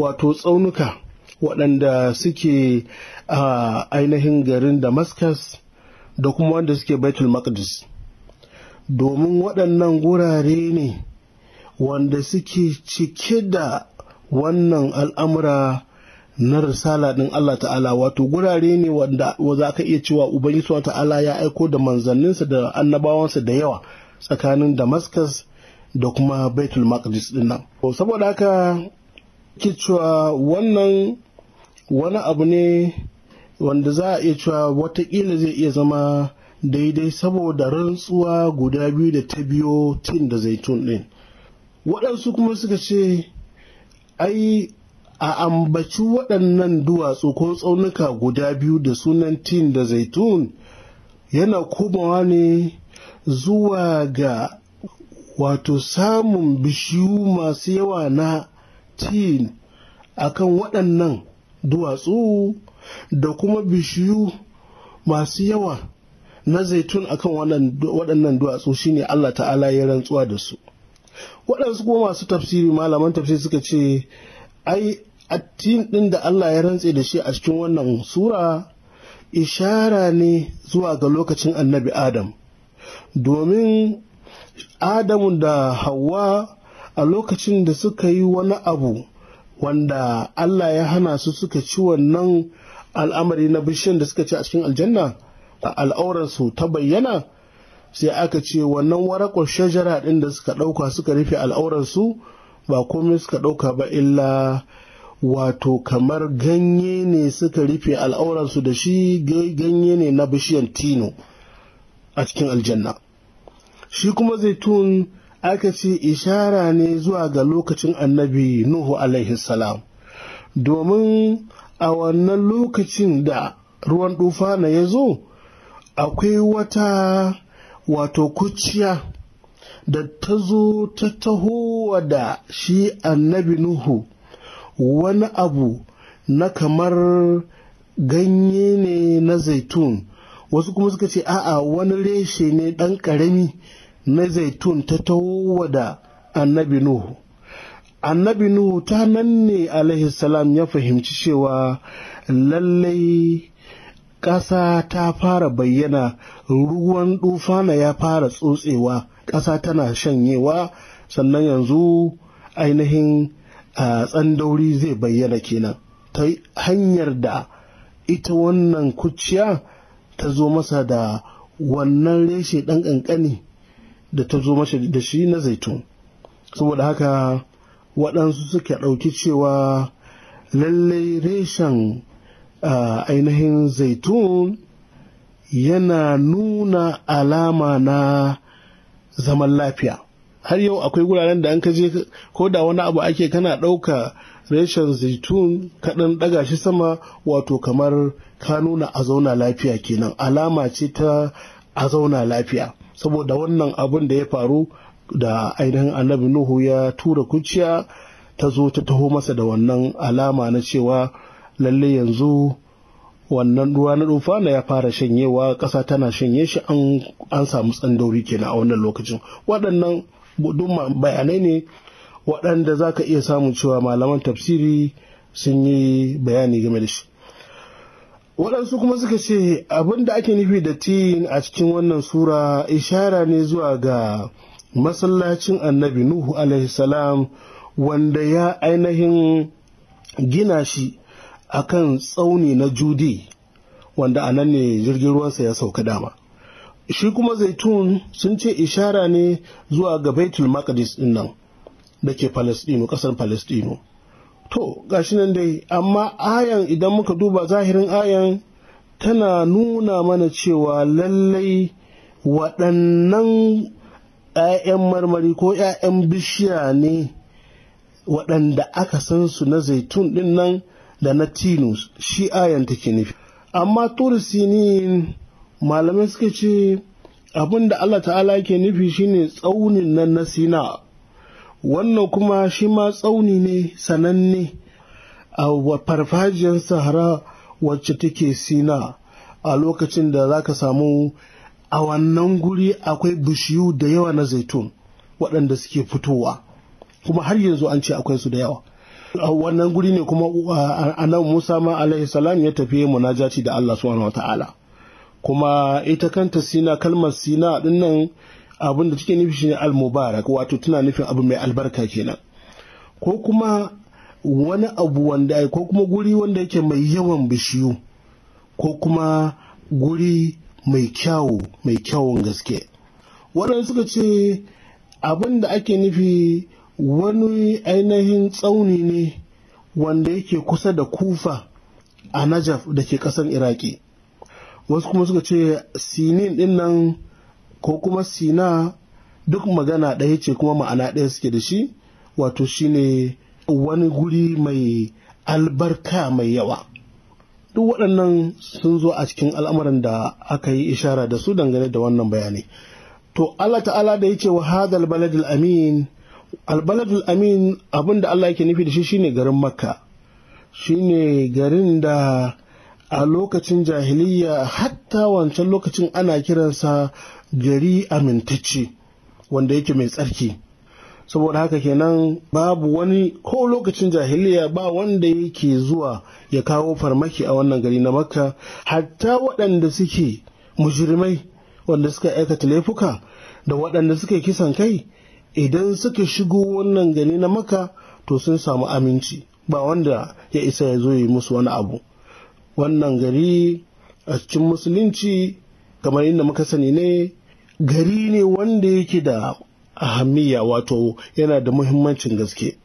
wato tsaunuka waɗanda suke a ainihin garin damascus da kuma wanda suke baitul maqdis domin waɗannan gurare ne wanda suke cike da wannan al'amura na risala ɗin Allah ta'ala wato gurare ne wanda za ka iya cewa Ubangiji ta'ala ya aiko da manzanninsa da annabawansa da yawa tsakanin Damascus da kuma baitul maqdis din nan saboda haka ke cewa wannan wani abu ne wanda za a iya cewa watakila zai iya zama daidai saboda rantsuwa guda biyu da ta biyo tin da zaitun din waɗansu kuma suka ce ai a ambaci waɗannan duwatsu ko tsaunuka guda biyu da sunan tin da zaitun yana komawa ne zuwa ga wato samun bishiyu masu yawa na tin a kan waɗannan duwatsu da kuma bishiyu masu yawa na zaitun a kan waɗannan duwatsu shine Allah ta'ala ya rantsuwa da su waɗansu kuma masu tafsiri malaman tafsiri suka ce ai attin ɗin da Allah ya rantse da shi a cikin wannan sura ishara ne zuwa ga lokacin annabi adam domin Adamu da Hauwa a lokacin da suka yi wani abu wanda Allah ya hana su suka ci wannan al'amari na bishiyar da suka ci a cikin aljanna a al'aurarsu ta bayyana sai aka ce wannan warakon shajara ɗin da suka ɗauka suka rufe al'auransu ba komai suka ɗauka ba illa wato kamar ganye ne suka rufe al'auransu da shi ganye ne na bishiyar tino a cikin aljanna shi kuma zaitun aka ce ishara ne zuwa ga lokacin annabi nuhu alaihi salam domin a wannan lokacin da ruwan dufana ya zo akwai wata wato kuciya da ta zo ta taho da shi annabi nuhu wani abu na kamar ganye ne na zaitun wasu kuma suka ce a'a wani reshe ne ɗan ƙarami na zaitun ta taho da annabi nuhu annabi nuhu ta nan ne salam ya fahimci cewa lallai ƙasa ta fara bayyana ruwan dufana ya fara tsotsewa ƙasa tana shanyewa sannan yanzu ainihin tsandauri zai bayyana kenan ta hanyar da ita wannan kuciya ta zo masa da wannan reshe ɗan ƙanƙani da ta zo masa da shi na zaitun saboda haka waɗansu suka ɗauki cewa lallai reshen ainihin zaitun yana nuna alama na zaman lafiya har yau akwai wuraren da an kaje ko da wani abu ake kana ɗauka reshen zaitun kaɗan ɗaga shi sama wato kamar ka nuna a zauna lafiya kenan alama ce ta a zauna lafiya saboda wannan abun da ya faru da ainihin annabi nuhu ya tura kuciya ta zo ta taho masa da wannan alama na cewa lalle yanzu wannan ruwa na na ya fara shanyewa ƙasa tana shanye shi an samu tsandauri kenan a wannan lokacin waɗannan budun bayanai ne waɗanda za ka iya samun cewa malaman tafsiri sun yi bayani game da shi waɗansu kuma suka ce abin da ake nufi da tin a cikin wannan sura ishara ne zuwa ga masallacin annabi nuhu salam wanda ya ainihin gina shi a kan tsauni na judi wanda a nan ne jirgin ruwansa ya sauka dama shi kuma zaitun sun ce ishara ne zuwa ga baitul maqdis din nan da ke palestino ƙasar palestino to gashi nan dai amma ayan idan muka duba zahirin ayan tana nuna mana cewa lallai waɗannan 'ya'yan marmari ko 'ya'yan bishiya ne waɗanda aka san su na zaitun ɗin nan da na tinus shi ayan take nufi amma turisinin malamai suka ce abin da allah ta'ala ke nufi shine tsaunin nan na sina wannan kuma shi ma tsauni ne sananne a farfajiyar sahara wacce take sina a lokacin da za ka samu a wannan guri akwai bishiyu da yawa na zaitun waɗanda suke fitowa kuma har yanzu an ce akwai su da yawa a wannan guri ne kuma nan musa ma ya tafi munajaci da allah subhanahu wa ta'ala kuma ita kanta sina kalmar sina ɗin nan. abin da take nufi shine al-mubarak wato tana nufin abu mai albarka kenan ko kuma wani abu wanda ko kuma guri wanda yake mai yawan bishiyu ko kuma guri mai kyawu mai kyawun gaske Wannan suka ce abin da ake nufi wani ainihin tsauni ne wanda yake kusa da kufa a najaf da ke ƙasar iraki wasu kuma suka ce sinin din nan ko kuma sina duk magana ɗaya ce kuma ma'ana ɗaya suke da shi wato shine wani guri mai albarka mai yawa duk waɗannan sun zo a cikin al'amuran da aka yi ishara da su dangane da wannan bayani to Allah ta'ala da yace wa hadal baladul amin albaladul amin abin da Allah yake nufi da shi shine garin makka shine garin da a lokacin jahiliya hatta wancan lokacin ana kiransa gari amintacce wanda yake mai tsarki saboda haka kenan babu wani ko lokacin jahiliya ba wanda yake zuwa ya kawo farmaki a wannan gari na makka hatta waɗanda suke mujirmai wanda suka aikata laifuka da waɗanda suke kisan kai idan suka shigo wannan gari na maka to sun samu aminci ba wanda ya isa ya zo yi musu wani abu wannan gari a cikin musulunci kamar yadda muka sani ne gari ne wanda yake da ahamiya wato yana da muhimmancin gaske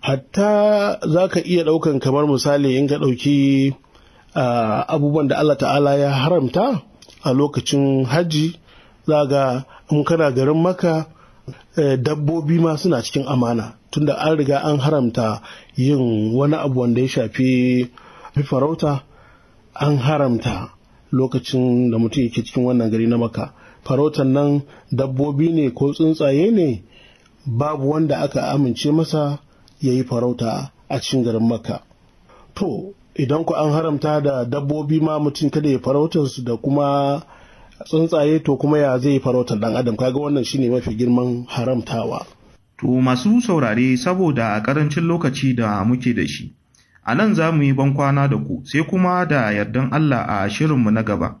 hatta za ka iya ɗaukan kamar misali in ka ɗauki abubuwan da Allah ta'ala ya haramta a lokacin hajji za ga in kana garin maka e, dabbobi ma suna cikin amana tunda an riga an haramta yin wani abu wanda ya shafi farauta an haramta lokacin da mutum yake cikin wannan gari na maka farautan nan dabbobi ne ko tsuntsaye ne babu wanda aka amince masa ya yi farauta a cikin garin makka to idan ku an haramta da dabbobi ma mutum kada ya farautar su da kuma tsuntsaye to kuma ya zai yi farautar dan adam kaga wannan shine mafi girman haramtawa to masu saurare saboda a karancin lokaci da muke da shi a nan za mu yi bankwana da ku sai kuma da yardan Allah a shirinmu na gaba.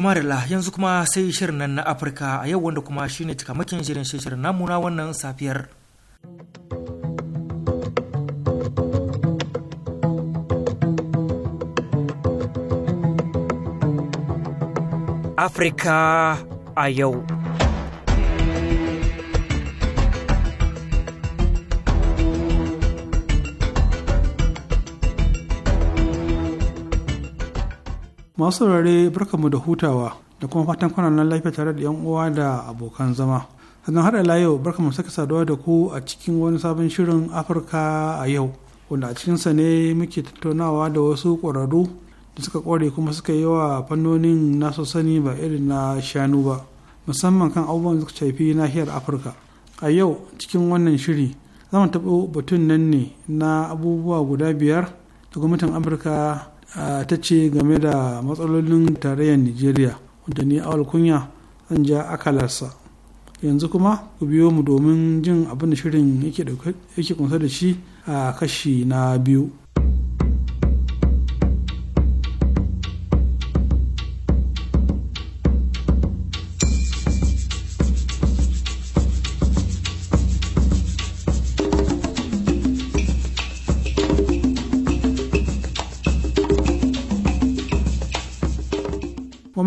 Marilla yanzu kuma sai shirin nan na Afirka a yau wanda kuma shine cikamakin shirin shirin namu na wannan safiyar. Afirka a yau. masu saurare barkamu da hutawa da kuma fatan kuna nan lafiya tare da yan uwa da abokan zama sannan har ila yau barkamu saka saduwa da ku a cikin wani sabon shirin afirka a yau wanda a cikinsa ne muke tattaunawa da wasu ƙwararru da suka ƙware kuma suka yi wa fannonin nasu sani ba irin na shanu ba musamman kan abubuwan da suka shafi nahiyar afirka a yau cikin wannan shiri za mu taɓo batun nan ne na abubuwa guda biyar da gwamnatin amurka ta ce game da matsalolin tarayyar nigeria wanda ni awal kunya zan ja akalarsa yanzu kuma ku biyo mu domin jin abin da shirin yake kunsa da shi a kashi na biyu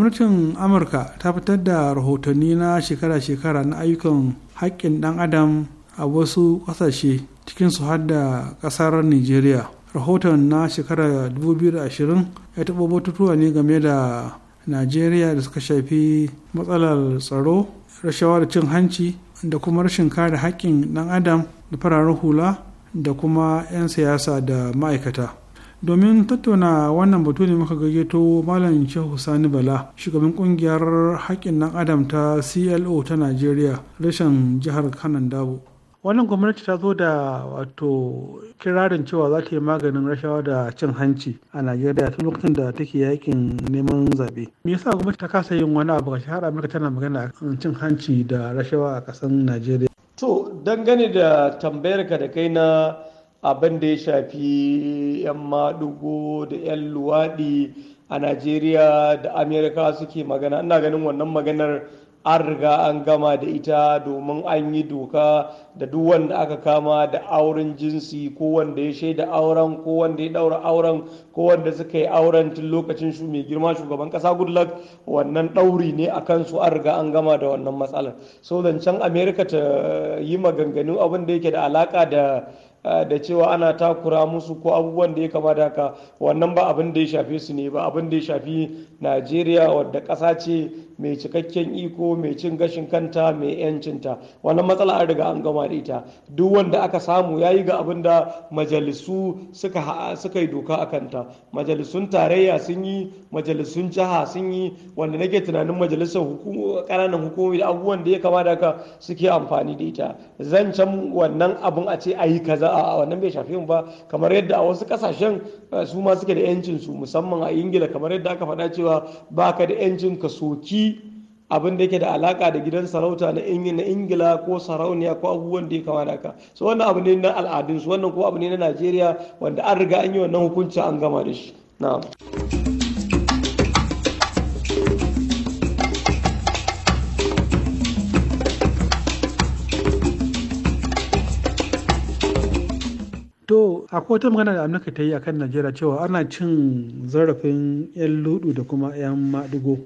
gwamnatin amurka ta fitar da rahotanni na shekara-shekara na ayyukan haƙƙin ɗan adam a wasu ƙasashe su har da ƙasar nigeria rahoton na shekara 2020 ya taɓa batutuwa ne game da nigeria da suka shafi matsalar tsaro rashawa da cin hanci da kuma rashin kare haƙƙin ɗan adam da fararen hula da kuma 'yan siyasa da ma'aikata domin tattauna wannan batu ne muka gayyato malam shehu sani bala shugaban kungiyar haƙƙin nan adam ta clo ta najeriya rashin jihar kanan dabo wannan gwamnati ta zo da wato kirarin cewa za ta yi maganin rashawa da cin hanci a najeriya tun lokacin da take yakin neman zaɓe me yasa gwamnati ta kasa yin wani abu ga shahara amurka tana magana a cin hanci da rashawa a kasan najeriya to dangane da tambayarka da kai na abin da ya shafi 'yan maɗugo da 'yan luwaɗi a najeriya da amerika suke magana ina ganin wannan maganar an riga an gama da ita domin an yi doka da duk wanda aka kama da auren jinsi ko wanda ya shaida auren ko wanda ya daura auren ko wanda suka yi auren tun lokacin shu mai girma shugaban kasa goodluck wannan ɗauri ne a kansu an riga an gama da wannan matsalar so zancen Amerika ta yi maganganu abin da yake da alaka da Ah, da cewa ana takura musu ko abubuwan da ya da haka wannan ba abin da ya shafe su ne ba abin da ya shafi najeriya wadda ƙasa ce mai cikakken iko mai cin gashin kanta mai yancinta wannan matsala an riga an gama da ita duk wanda aka samu ya yi ga abin da majalisu suka yi doka a kanta majalisun tarayya sun yi majalisun jiha sun yi wanda nake tunanin majalisar ƙananan hukumomi da abubuwan da ya kama da aka suke amfani da ita Zan can wannan abin a ce a yi kaza a wannan bai shafi mu ba kamar yadda a wasu kasashen su ma suke da yancin su musamman a ingila kamar yadda aka faɗa cewa baka da yancin ka soki abin da yake da alaka da gidan sarauta na ingila ko sarauniya ko abubuwan da ya kama da haka so wannan abu ne na al'adunsu wannan kuma abu ne na najeriya wanda an riga an yi wannan hukunci an gama da shi na'am To a wata magana da Amurka ta yi a kan Najeriya cewa ana cin zarafin 'yan ludu da kuma 'yan maɗigo.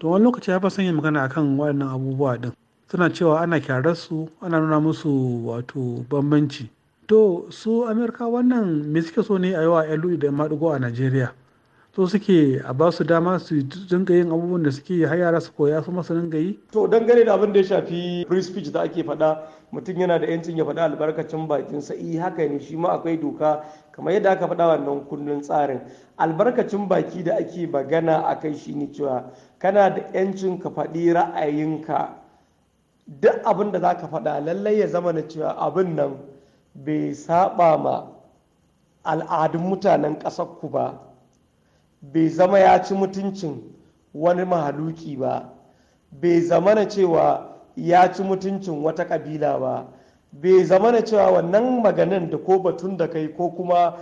to wani lokaci ya fa sanya magana akan waɗannan abubuwa din suna cewa ana kyarar su ana nuna musu wato bambanci to su amerika wannan me suke so ne a yi wa lu e da maɗigo a najeriya to suke a ba su dama su dinga yin abubuwan da suke har yara su koya su masu dinga yi to dangane da abin da ya shafi free speech da ake faɗa mutum yana da yancin ya faɗa albarkacin bakin sa eh haka ne shi ma akwai doka kamar yadda aka faɗa wannan kullun tsarin albarkacin baki da ake magana akai shine cewa kana da 'yancin ka faɗi ra'ayinka duk abin da za ka faɗa lallai ya zama na cewa abin nan bai saba ma al'adun mutanen ku ba bai zama ya ci mutuncin wani mahaluki ba bai zama na cewa ya ci mutuncin wata ƙabila ba bai zama na cewa wannan maganin da ko batun da kai ko kuma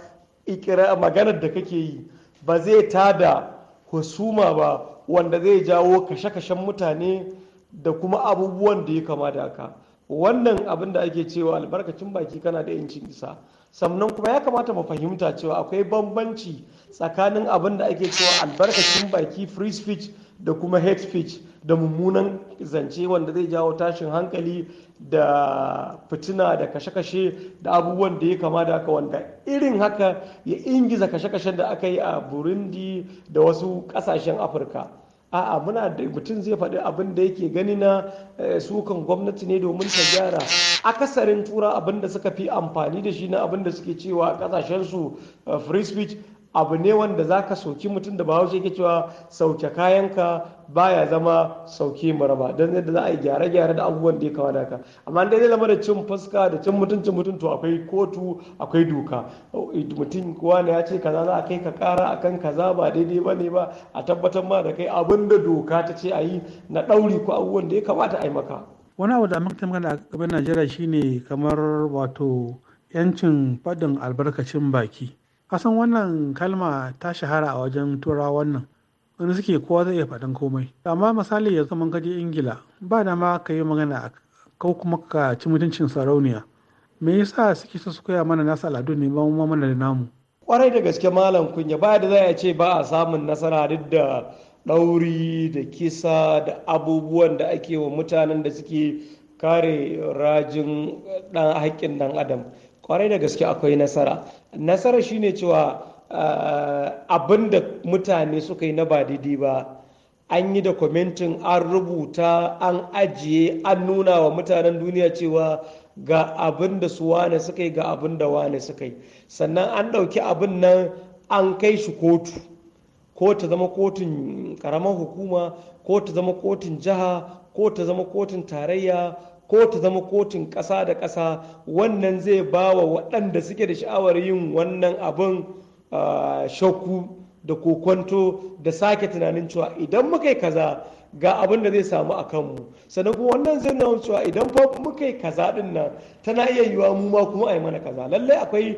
maganar da kake yi ba zai tada husuma ba wanda zai jawo kashe-kashen mutane da kuma abubuwan da ya kama da haka wannan abin da ake cewa albarkacin baki kana da yancin isa sannan kuma ya kamata mu fahimta cewa akwai bambanci tsakanin abin da ake cewa albarkacin baki free speech da kuma hate speech da mummunan zance wanda zai jawo tashin hankali da fitina da kashe-kashe da abubuwan da ya kama da haka wanda irin haka ya ingiza kashe-kashen da aka yi a burundi da wasu kasashen afirka a'a muna da mutum zai faɗi abin da yake gani na eh, sukan gwamnati ne domin ta gyara akasarin tura abin da suka fi amfani da shi na abin da suke cewa kasashen su eh, free speech abu ne wanda za ka sauki mutum da bahaushe ke cewa sauke kayanka baya zama sauke maraba don yadda za a yi gyare-gyare da abubuwan da ya kawo ka. amma dai zai zama da cin fuska da cin mutum-cin mutum to akwai kotu akwai doka mutum kowa ne ya ce kaza za a kai ka kara akan kaza ba daidai ba ne ba a tabbatar ma da kai abin da doka ta ce a yi na ɗauri ko abubuwan da ya kamata a yi maka wani abu da muka magana a gaban najeriya shine kamar wato yancin faɗin albarkacin baki kasan wannan kalma ta shahara a wajen turawa wannan. wani suke kowa zai iya faɗin komai amma misali ya zama kaje ingila ba da ma ka yi magana ko kuma ka ci mutuncin sarauniya me yasa suke so su koya mana nasu al'adu ne ba mu mana da namu kwarai da gaske malam kunya ba da za a ce ba a samun nasara duk da ɗauri da kisa da abubuwan da ake wa mutanen da suke kare rajin ɗan haƙƙin ɗan adam kwarai da gaske akwai nasara nasara shine cewa eh, abin da mutane suka yi na ba daidai ba an yi da kwamitin an rubuta an ajiye an nuna wa mutanen duniya cewa ga abin da su wane suka yi ga abin da wane suka yi sannan an ɗauki abin nan an kai shi kotu ko ta zama kotun karamar hukuma ko ta zama kotun jiha ko ta zama kotun tarayya ko ta zama kotun ƙasa da ƙasa wannan zai ba wa waɗanda suke da sha'awar yin wannan abin shakku da kokonto da sake tunanin cewa idan muka yi kaza ga abin da zai samu a kanmu sannan kuma wannan zai nuna cewa idan fa muka yi kaza din nan tana iya yiwa mu ma kuma a yi mana kaza lallai akwai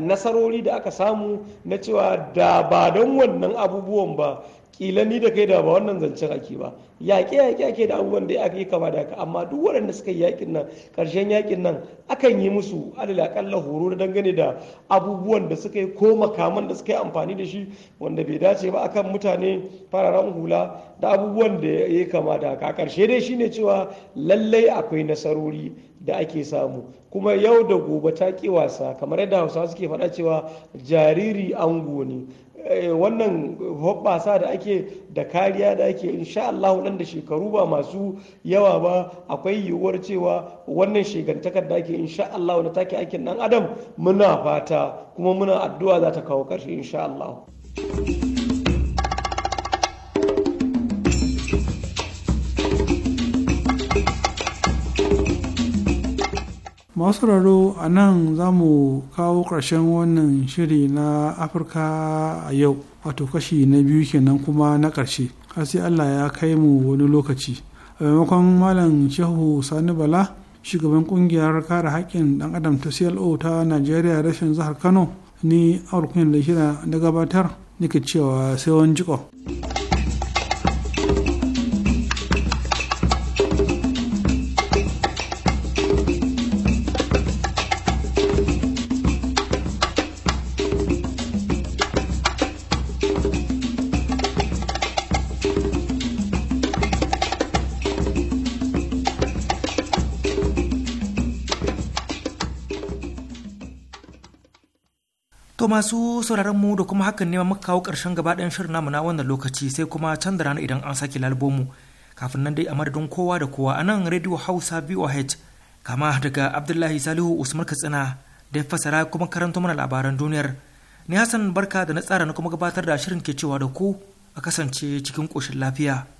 nasarori da aka samu na cewa da ba don wannan abubuwan ba kila ni da kai da ba wannan zancen ake ba yaƙe yaƙe ake da abubuwan da aka yi kama da haka amma duk waɗanda suka yi yaƙin nan ƙarshen yaƙin nan akan yi musu adala akalla horo na dangane da abubuwan da suka yi ko makaman da suka yi amfani da shi wanda bai dace ba akan mutane fararen hula da abubuwan da ya kama da haka ƙarshe dai shine cewa lallai akwai nasarori da ake samu kuma yau da gobe ta ƙi wasa kamar yadda hausawa suke faɗa cewa jariri ango ne Eh, wannan hoɓɓasa da ake da kariya da ake insha Allah nan da shekaru ba masu yawa ba akwai yiwuwar cewa wannan shegantakar da ake insha Allah na take aikin dan adam muna fata kuma muna addu'a za ta kawo ƙarshe insha Allah. masu raro a nan za mu kawo ƙarshen wannan shiri na afirka a yau wato kashi na biyu kenan kuma na ƙarshe har sai allah ya kai mu wani lokaci a maimakon malam shehu sani bala shugaban kungiyar kare haƙƙin ɗan adam ta clo ta najeriya rashin zahar kano ni kuna da shida na gabatar nake cewa sai wani jiko. masu sauraron mu da kuma hakan ne muka kawo ƙarshen gaba ɗayan shirin namu na wannan lokaci sai kuma can da rana idan an sake lalbo mu kafin nan dai a madadin kowa da kowa a nan radio hausa voh kama daga abdullahi salihu usman katsina da fasara kuma karanto mana labaran duniyar ni hassan barka da na tsara na kuma gabatar da shirin ke cewa da ku a kasance cikin ƙoshin lafiya